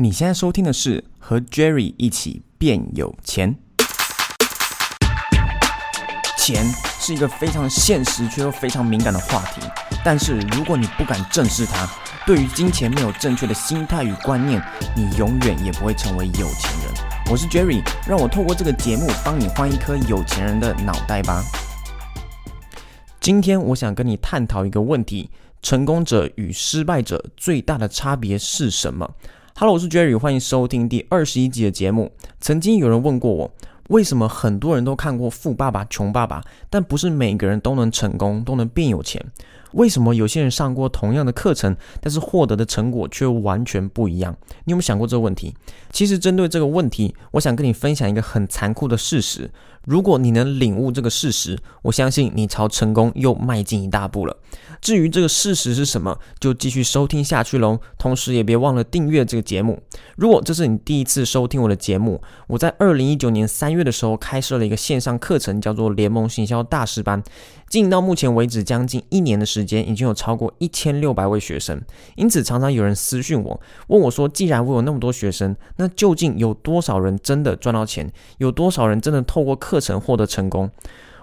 你現在收聽的是《和 Jerry 一起變有錢》。錢是一個非常現實卻又非常敏感的話題，但是如果你不敢正視它，對於金錢沒有正確的心態與觀念，你永遠也不會成為有錢人。我是 Jerry，讓我透過這個節目幫你換一顆有錢人的腦袋吧。今天我想跟你探討一個問題：成功者與失敗者最大的差別是什麼？哈嘍，Hello, 我是 Jerry，歡迎收聽第二十一集的節目。曾經有人問過我，為什麼很多人都看過《富爸爸窮爸爸》，但不是每個人都能成功，都能變有錢？為什麼有些人上過同樣的課程，但是獲得的成果卻完全不一樣？你有沒有想過這個問題？其實針對這個問題，我想跟你分享一個很殘酷的事實。如果你能領悟這個事實，我相信你朝成功又邁進一大步了。至於這個事實是什麼，就繼續收聽下去嘍。同時也別忘了訂閱這個節目。如果這是你第一次收聽我的節目，我在二零一九年三月的時候開設了一個線上課程，叫做“聯盟行銷大師班”。進到目前為止將近一年的時間，已經有超過一千六百位學生。因此，常常有人私訊我，問我說：“既然我有那麼多學生，那究竟有多少人真的賺到錢？有多少人真的透過課？”課程獲得成功，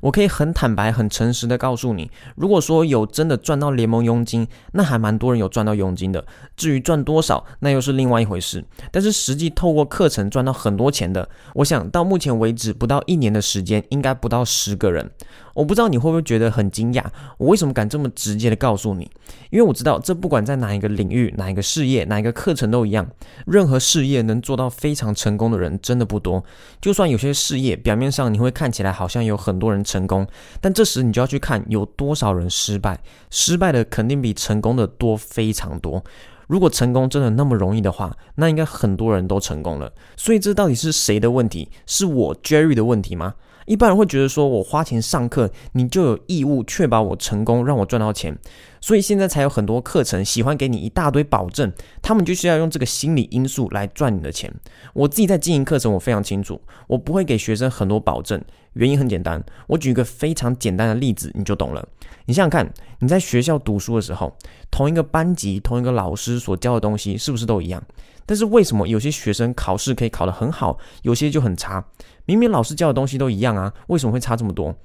我可以很坦白、很誠實的告訴你，如果說有真的賺到聯盟佣金，那還蠻多人有賺到佣金的。至於賺多少，那又是另外一回事。但是實際透過課程賺到很多錢的，我想到目前為止不到一年的時間，應該不到十個人。我不知道你會不會覺得很驚訝，我為什麼敢這麼直接的告訴你？因為我知道，這不管在哪一個領域、哪一個事業、哪一個課程都一樣，任何事業能做到非常成功的人真的不多。就算有些事業表面上你會看起來好像有很多人成功，但這時你就要去看有多少人失敗，失敗的肯定比成功的多非常多。如果成功真的那麼容易的話，那應該很多人都成功了。所以這到底是誰的問題？是我 Jerry 的問題嗎？一般人會覺得說，我花錢上課，你就有義務確保我成功，讓我賺到錢。所以現在才有很多課程喜歡給你一大堆保證，他們就是要用這個心理因素來賺你的錢。我自己在經營課程，我非常清楚，我不會給學生很多保證。原因很簡單，我舉一個非常簡單的例子，你就懂了。你想想看，你在學校讀書的時候，同一個班級、同一個老師所教的東西是不是都一樣？但是為什麼有些學生考試可以考得很好，有些就很差？明明老師教的東西都一樣啊，為什麼會差這麼多？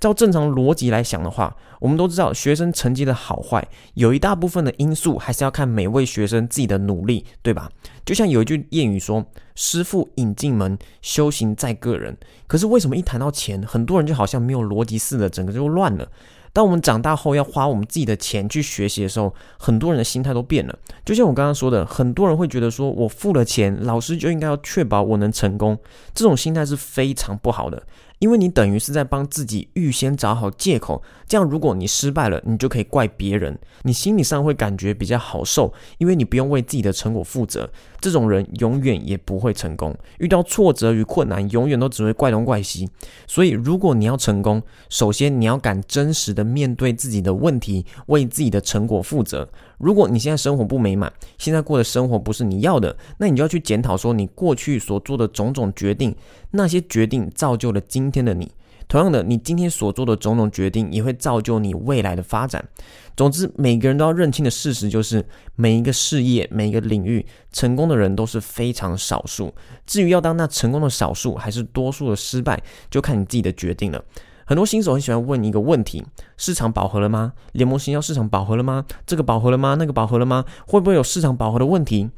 照正常邏輯來想的話，我們都知道學生成績的好壞有一大部分的因素還是要看每位學生自己的努力，對吧？就像有一句諺語說：“師傅引進門，修行在個人。”可是為什麼一談到錢，很多人就好像沒有邏輯似的，整個就亂了。當我們長大後要花我們自己的錢去學習的時候，很多人的心態都變了。就像我剛剛說的，很多人會覺得說：“我付了錢，老師就應該要確保我能成功。”這種心態是非常不好的。因為你等於是在幫自己預先找好借口，這樣如果你失敗了，你就可以怪別人，你心理上會感覺比較好受，因為你不用為自己的成果負責。這種人永遠也不會成功，遇到挫折與困難，永遠都只會怪東怪西。所以，如果你要成功，首先你要敢真實的面對自己的問題，為自己的成果負責。如果你現在生活不美滿，現在過的生活不是你要的，那你就要去檢討說你過去所做的種種決定，那些決定造就了今今天的你，同樣的，你今天所做的種種決定，也會造就你未來的發展。總之，每個人都要認清的事實就是，每一個事業、每一個領域，成功的人都是非常少數。至於要當那成功的少數，還是多數的失敗，就看你自己的決定了。很多新手很喜歡問你一個問題：市場飽和了嗎？聯盟行銷市場飽和了嗎？這個飽和了嗎？那個飽和了嗎？會不會有市場飽和的問題？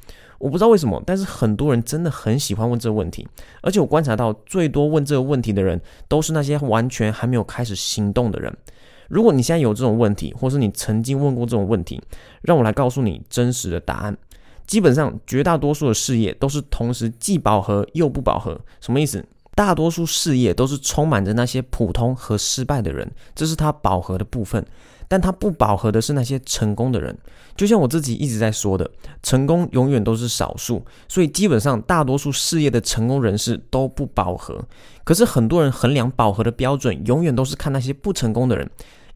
我不知道為什麼，但是很多人真的很喜歡問這個問題，而且我觀察到，最多問這個問題的人都是那些完全還沒有開始行動的人。如果你現在有這種問題，或是你曾經問過這種問題，讓我來告訴你真實的答案。基本上，絕大多數的事業都是同時既飽和又不飽和。什麼意思？大多數事業都是充滿着那些普通和失敗的人，這是他飽和的部分；但他不飽和的是那些成功的人。就像我自己一直在說的，成功永遠都是少數，所以基本上大多數事業的成功人士都不飽和。可是很多人衡量飽和的標準，永遠都是看那些不成功的人。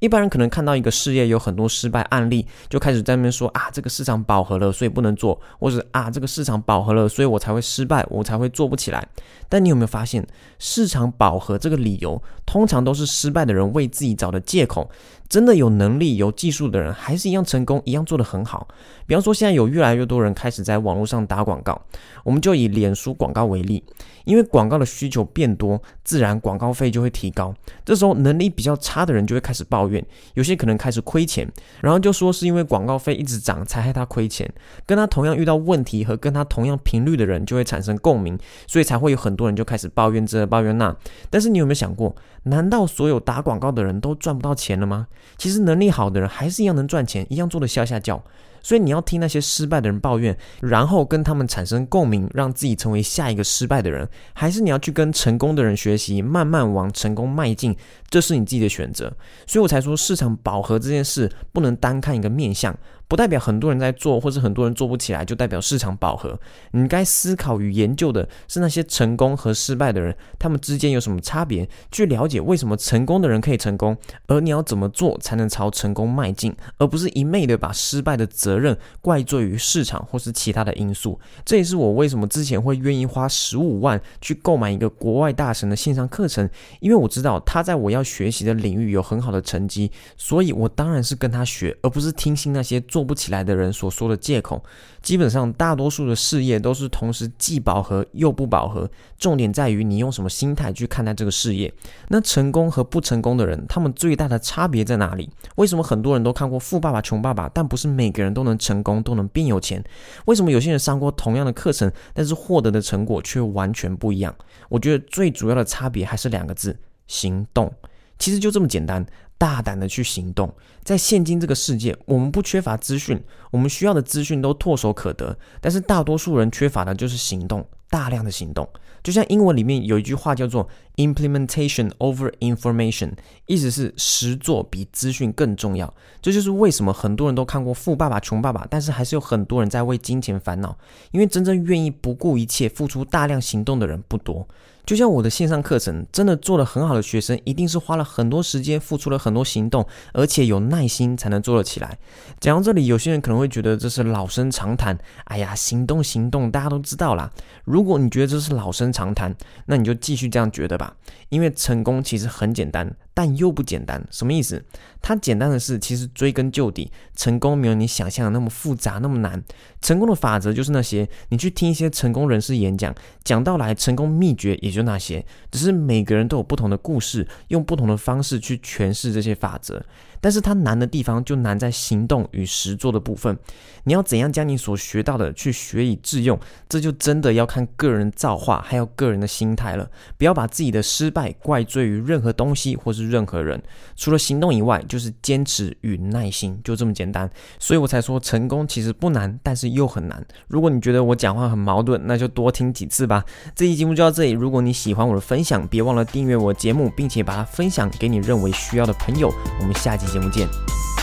一般人可能看到一個事業有很多失敗案例，就開始在那邊說啊，這個市場飽和了，所以不能做；或者啊，這個市場飽和了，所以我才會失敗，我才會做不起來。但你有沒有發現，市場飽和這個理由，通常都是失敗的人為自己找的借口。真的有能力、有技術的人，還是一樣成功，一樣做得很好。比方說，現在有越來越多人開始在網絡上打廣告，我們就以臉書廣告為例，因為廣告的需求變多，自然廣告費就會提高。這時候，能力比較差的人就會開始抱怨。有些可能開始虧錢，然後就說是因為廣告費一直漲才害他虧錢。跟他同樣遇到問題和跟他同樣頻率的人就會產生共鳴，所以才會有很多人就開始抱怨這抱怨那。但是你有沒有想過，難道所有打廣告的人都賺不到錢了嗎？其實能力好的人還是一樣能賺錢，一樣做得嚇嚇叫。所以你要聽那些失敗的人抱怨，然後跟他們產生共鳴，讓自己成為下一個失敗的人，還是你要去跟成功的人學習，慢慢往成功邁進？這是你自己的選擇。所以我才說市場飽和這件事不能單看一個面向。不代表很多人在做，或是很多人做不起來，就代表市場飽和。你該思考與研究的是那些成功和失敗的人，他們之間有什麼差別？去了解為什麼成功的人可以成功，而你要怎麼做才能朝成功邁進，而不是一昧的把失敗的責任怪罪於市場或是其他的因素。這也是我為什麼之前會願意花十五萬去購買一個國外大神的線上課程，因為我知道他在我要學習的領域有很好的成績，所以我當然是跟他學，而不是聽信那些做。不起來的人所說的借口，基本上大多數的事業都是同時既飽和又不飽和。重點在於你用什麼心態去看待這個事業。那成功和不成功的人，他們最大的差別在哪裡？為什麼很多人都看過《富爸爸窮爸爸》，但不是每個人都能成功，都能變有錢？為什麼有些人上過同樣的課程，但是獲得的成果卻完全不一樣？我覺得最主要的差別還是兩個字：行動。其實就這麼簡單。大膽的去行動，在現今這個世界，我們不缺乏資訊，我們需要的資訊都唾手可得，但是大多數人缺乏的就是行動，大量的行動。就像英文裡面有一句話叫做 “implementation over information”，意思是實作比資訊更重要。這就是為什麼很多人都看過《富爸爸窮爸爸》，但是還是有很多人在為金錢煩惱，因為真正願意不顧一切付出大量行動的人不多。就像我的線上課程，真的做得很好的學生，一定是花了很多時間，付出了很多行動，而且有耐心才能做得起來。講到這裡，有些人可能會覺得這是老生常談，哎呀，行動行動，大家都知道啦。如果你覺得這是老生常談，那你就繼續這樣覺得吧，因為成功其實很簡單。但又不簡單，什麼意思？它簡單的是，其實追根究底，成功沒有你想象的那麼複雜，那麼難。成功的法則就是那些，你去聽一些成功人士演講，講到來成功秘訣也就那些，只是每個人都有不同的故事，用不同的方式去詮釋這些法則。但是它難的地方就難在行動與實作的部分，你要怎樣將你所學到的去學以致用，這就真的要看個人造化還有個人的心態了。不要把自己的失敗怪罪於任何東西或是任何人。除了行動以外，就是堅持與耐心，就這麼簡單。所以我才說成功其實不難，但是又很難。如果你覺得我講話很矛盾，那就多聽幾次吧。這期節目就到這裡。如果你喜歡我的分享，別忘了訂閱我的節目，並且把它分享給你認為需要的朋友。我們下集節目見。